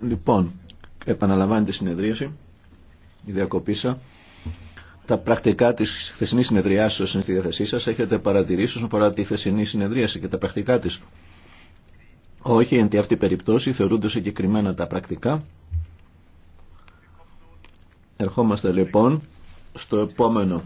Λοιπόν, επαναλαμβάνεται η συνεδρίαση, η διακοπήσα. Τα πρακτικά τη χθεσινή όσο είναι στη διάθεσή σα. Έχετε παρατηρήσει όσον αφορά τη χθεσινή συνεδρίαση και τα πρακτικά τη. Όχι, εν τη αυτή περιπτώσει θεωρούνται συγκεκριμένα τα πρακτικά. Ερχόμαστε λοιπόν στο επόμενο.